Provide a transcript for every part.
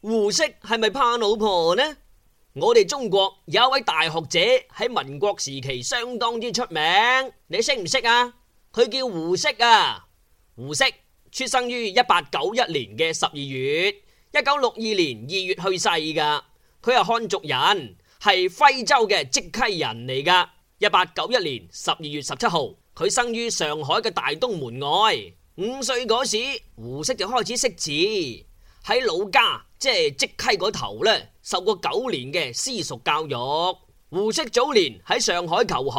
胡適係咪怕老婆呢？我哋中國有一位大學者喺民國時期相當之出名，你識唔識啊？佢叫胡適啊。胡適出生於一八九一年嘅十二月，一九六二年二月去世噶。佢係漢族人，係徽州嘅績溪人嚟噶。一八九一年十二月十七號，佢生於上海嘅大東門外。五歲嗰時，胡適就開始識字。喺老家即係績溪嗰頭咧，受過九年嘅私塾教育。胡適早年喺上海求學，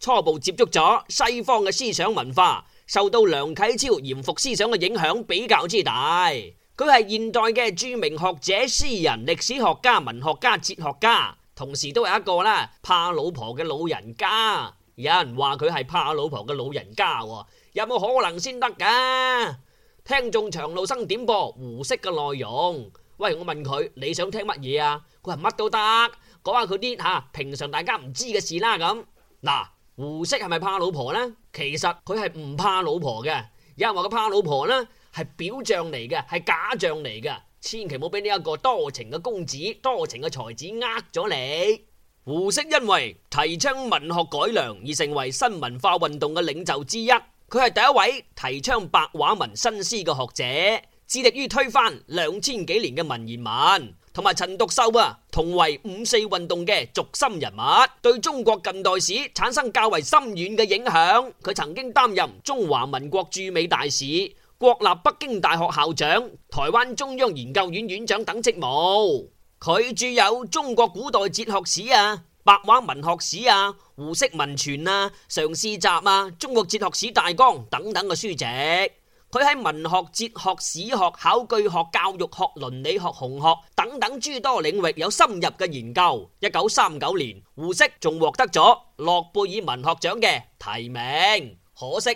初步接觸咗西方嘅思想文化，受到梁啟超嚴復思想嘅影響比較之大。佢係現代嘅著名學者、詩人、歷史學家、文學家、哲學家，同時都係一個啦怕老婆嘅老人家。有人話佢係怕老婆嘅老人家，有冇可能先得噶？聽眾長路生點播胡適嘅內容，喂，我問佢你想聽乜嘢啊？佢話乜都得，講下佢啲吓平常大家唔知嘅事啦咁。嗱，胡適係咪怕老婆呢？其實佢係唔怕老婆嘅。有人話佢怕老婆呢，係表象嚟嘅，係假象嚟嘅。千祈唔好俾呢一個多情嘅公子、多情嘅才子呃咗你。胡適因為提倡文學改良而成為新文化運動嘅領袖之一。佢係第一位提倡白話文新詩嘅學者，致力於推翻兩千幾年嘅文言文，同埋陳獨秀啊，同為五四運動嘅軸心人物，對中國近代史產生較為深遠嘅影響。佢曾經擔任中華民國駐美大使、國立北京大學校長、台灣中央研究院院長等職務。佢著有《中國古代哲學史》啊。白話文學史啊、胡適文存啊、嘗試集啊、中國哲學史大綱等等嘅書籍，佢喺文學、哲學、史學、考據學、教育學、倫理學、紅學等等諸多領域有深入嘅研究。一九三九年，胡適仲獲得咗諾貝爾文學獎嘅提名，可惜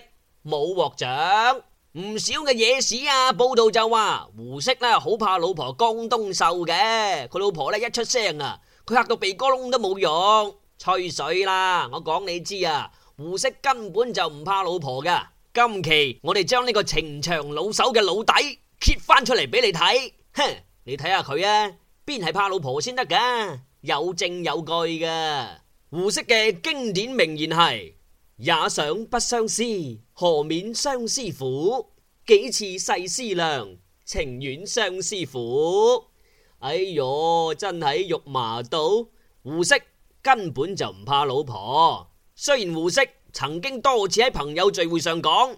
冇獲獎。唔少嘅野史啊報道就話胡適呢好怕老婆江冬秀嘅，佢老婆呢一出聲啊，佢吓到鼻哥窿都冇用，吹水啦！我講你知啊，胡適根本就唔怕老婆噶。今期我哋將呢個情場老手嘅老底揭翻出嚟俾你睇。哼，你睇下佢啊，邊係怕老婆先得噶？有證有據噶。胡適嘅經典名言係：也想不相思，何免相思苦？幾次細思量，情願相思苦。哎呦，真係肉麻到胡適根本就唔怕老婆。雖然胡適曾經多次喺朋友聚會上講，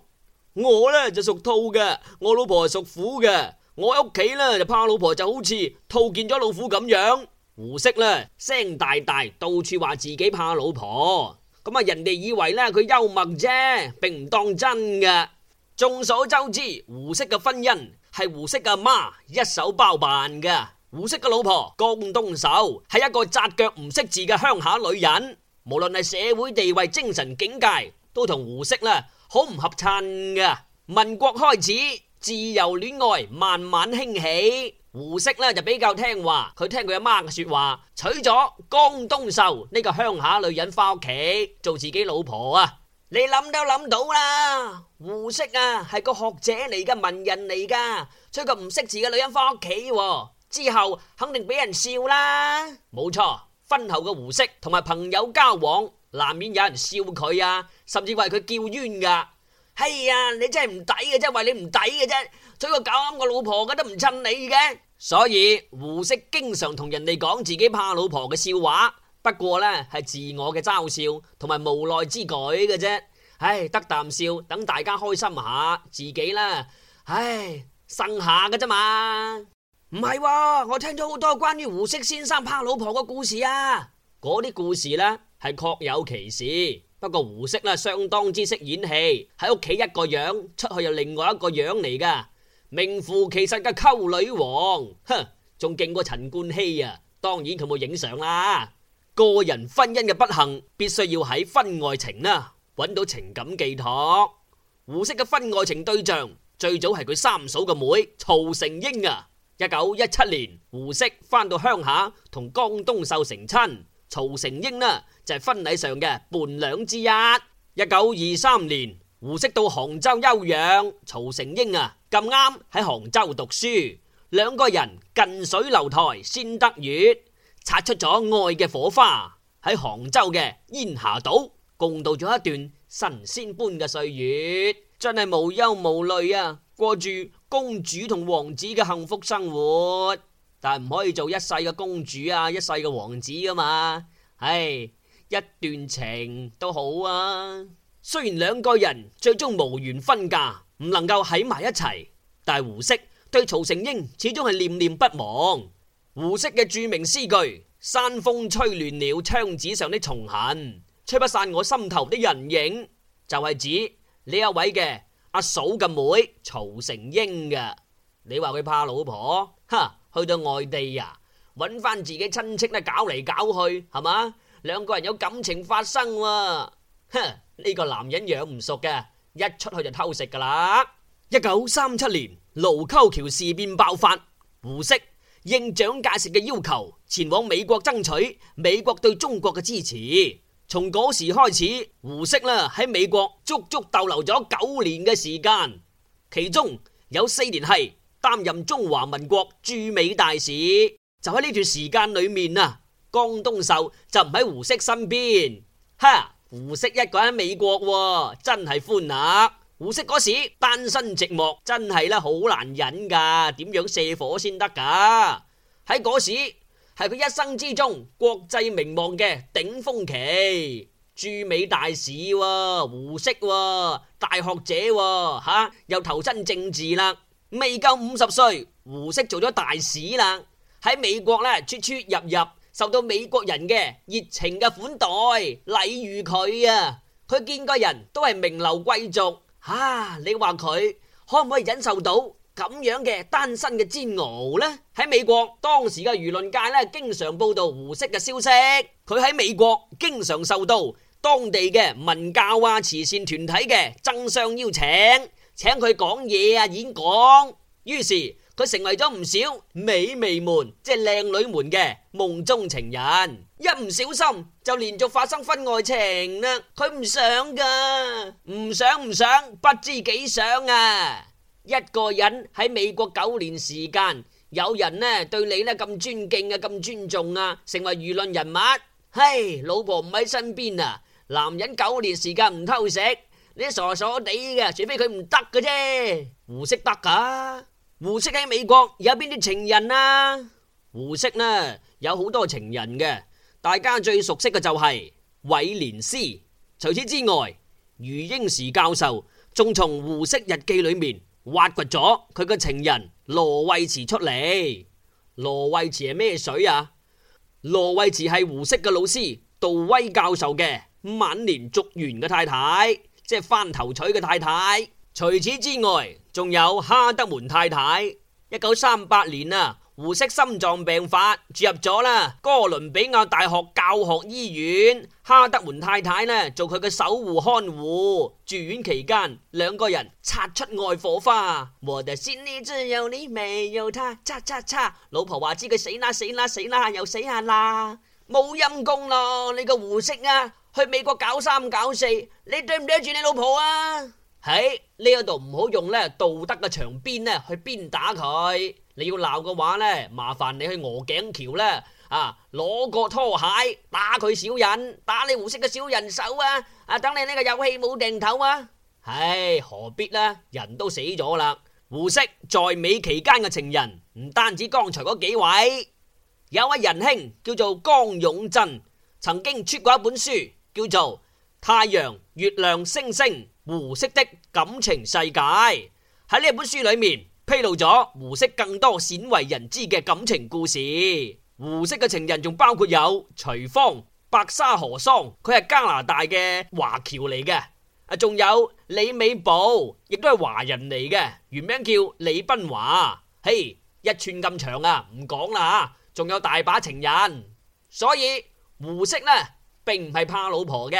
我呢就屬兔嘅，我老婆係屬虎嘅，我喺屋企呢就怕老婆就好似兔見咗老虎咁樣。胡適呢聲大大，到處話自己怕老婆，咁啊人哋以為呢佢幽默啫，並唔當真嘅。眾所周知，胡適嘅婚姻係胡適阿媽，媽一手包辦嘅。胡適嘅老婆江冬秀係一個紮腳唔識字嘅鄉下女人，無論係社會地位、精神境界，都同胡適咧好唔合襯噶。民國開始自由戀愛慢慢興起，胡適咧就比較聽話，佢聽佢阿媽嘅說話，娶咗江冬秀呢個鄉下女人翻屋企做自己老婆啊。你諗都諗到啦，胡適啊係個學者嚟嘅文人嚟噶，娶個唔識字嘅女人翻屋企。之後肯定俾人笑啦，冇錯。婚後嘅胡適同埋朋友交往，難免有人笑佢啊，甚至為佢叫冤噶。係啊，你真係唔抵嘅啫，係為你唔抵嘅啫。娶個啱嘅老婆嘅都唔襯你嘅，所以，所以胡適經常同人哋講自己怕老婆嘅笑話。不過呢係自我嘅嘲笑同埋無奈之舉嘅啫。唉，得啖笑，等大家開心下自己啦。唉，生下嘅啫嘛。唔係、啊，我聽咗好多關於胡適先生怕老婆嘅故事啊！嗰啲故事呢係確有其事，不過胡適呢相當之識演戲，喺屋企一個樣，出去又另外一個樣嚟噶，名副其實嘅溝女王，哼，仲勁過陳冠希啊！當然佢冇影相啦。個人婚姻嘅不幸，必須要喺婚外情啦、啊，揾到情感寄託。胡適嘅婚外情對象最早係佢三嫂嘅妹曹誠英啊。一九一七年，胡適返到鄉下同江東秀成親，曹誠英呢就係、是、婚禮上嘅伴娘之一。一九二三年，胡適到杭州休養，曹誠英啊咁啱喺杭州讀書，兩個人近水樓臺先得月，擦出咗愛嘅火花，喺杭州嘅煙霞島共度咗一段神仙般嘅歲月，真係無憂無慮啊，過住，公主同王子嘅幸福生活，但係唔可以做一世嘅公主啊，一世嘅王子㗎嘛？唉，一段情都好啊。雖然兩個人最終無緣婚嫁，唔能夠喺埋一齊，但係胡適對曹誠英始終係念念不忘。胡適嘅著名詩句：山風吹亂了窗紙上的松痕，吹不散我心頭的人影，就係指呢一位嘅。阿嫂嘅妹曹成英嘅，你話佢怕老婆？哈，去到外地啊，揾翻自己親戚咧，搞嚟搞去，係嘛？兩個人有感情發生喎、啊，哼，呢、這個男人養唔熟嘅，一出去就偷食噶啦。一九三七年盧溝橋事變爆發，胡適應蔣介石嘅要求，前往美國爭取美國對中國嘅支持。從嗰時開始，胡適啦喺美國足足逗留咗九年嘅時間，其中有四年係擔任中華民國駐美大使。就喺呢段時間裏面啊，江冬秀就唔喺胡適身邊，哈！胡適一個人喺美國，真係歡樂。胡適嗰時單身寂寞，真係咧好難忍噶，點樣卸火先得噶？喺嗰時。係佢一生之中國際名望嘅頂峰期，駐美大使、啊、胡適、啊、大學者吓、啊啊、又投身政治啦，未夠五十歲，胡適做咗大使啦，喺美國咧出出入入，受到美國人嘅熱情嘅款待，禮遇佢啊，佢見過人都係名流貴族，吓、啊、你話佢可唔可以忍受到？咁樣嘅單身嘅煎熬咧，喺美國當時嘅輿論界咧，經常報道胡適嘅消息。佢喺美國經常受到當地嘅文教啊、慈善團體嘅爭相邀請，請佢講嘢啊、演講。於是佢成為咗唔少美眉們即係靚女們嘅夢中情人。一唔小心就連續發生婚外情啦。佢唔想噶，唔想唔想，不知幾想啊！一個人喺美國九年時間，有人呢對你呢咁尊敬啊，咁尊重啊，成為輿論人物。嘿，老婆唔喺身邊啊，男人九年時間唔偷食，你傻傻地嘅，除非佢唔得嘅啫。胡適得㗎，胡適喺美國有邊啲情人啊？胡適呢有好多情人嘅，大家最熟悉嘅就係韋蓮司。除此之外，余英時教授仲從胡適日記裏面。挖掘咗佢個情人羅慧慈出嚟。羅慧慈係咩水啊？羅慧慈係胡適嘅老師杜威教授嘅晚年續弦嘅太太，即係翻頭娶嘅太太。除此之外，仲有哈德門太太。一九三八年啊。胡適心臟病發，住入咗啦哥倫比亞大學教學醫院。哈德門太太呢，做佢嘅守護看護。住院期間，兩個人擦出愛火花。我的心裡只有你，沒有他。擦擦擦，老婆話知佢死啦死啦死啦又死下啦，冇陰功咯，你個胡適啊，去美國搞三搞四，你對唔對得住你老婆啊？喺呢一度唔好用咧道德嘅長鞭呢去鞭打佢。你要鬧嘅話呢，麻煩你去鵝頸橋呢，啊，攞個拖鞋打佢小人，打你胡適嘅小人手啊！啊，等你呢個遊戲冇定頭啊！唉，何必呢？人都死咗啦。胡適在美期間嘅情人唔單止剛才嗰幾位，有位仁兄叫做江勇振，曾經出過一本書，叫做《太陽、月亮、星星：胡適的感情世界》。喺呢本書裏面。披露咗胡適更多鮮為人知嘅感情故事。胡適嘅情人仲包括有徐芳、白沙河桑，佢係加拿大嘅華僑嚟嘅。啊，仲有李美寶，亦都係華人嚟嘅，原名叫李斌華。嘿，hey，一寸咁長啊，唔講啦吓。仲有大把情人，所以胡適呢並唔係怕老婆嘅，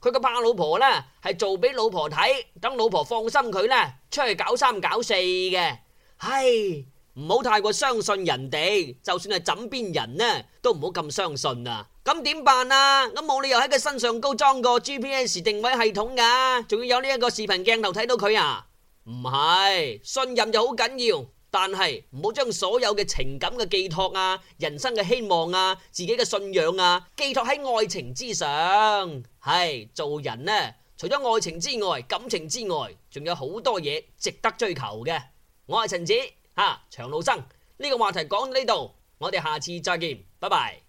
佢個怕老婆呢係做俾老婆睇，等老婆放心佢呢出去搞三搞四嘅。係唔好太過相信人哋，就算係枕邊人呢，都唔好咁相信啊！咁點辦啊？咁冇理由喺佢身上高裝個 GPS 定位系統噶。啊，仲要有呢一個視頻鏡頭睇到佢啊！唔係，信任就好緊要，但係唔好將所有嘅情感嘅寄託啊、人生嘅希望啊、自己嘅信仰啊，寄託喺愛情之上。係做人呢，除咗愛情之外、感情之外，仲有好多嘢值得追求嘅。我係陳子嚇、啊、長路生，呢、這個話題講到呢度，我哋下次再見，拜拜。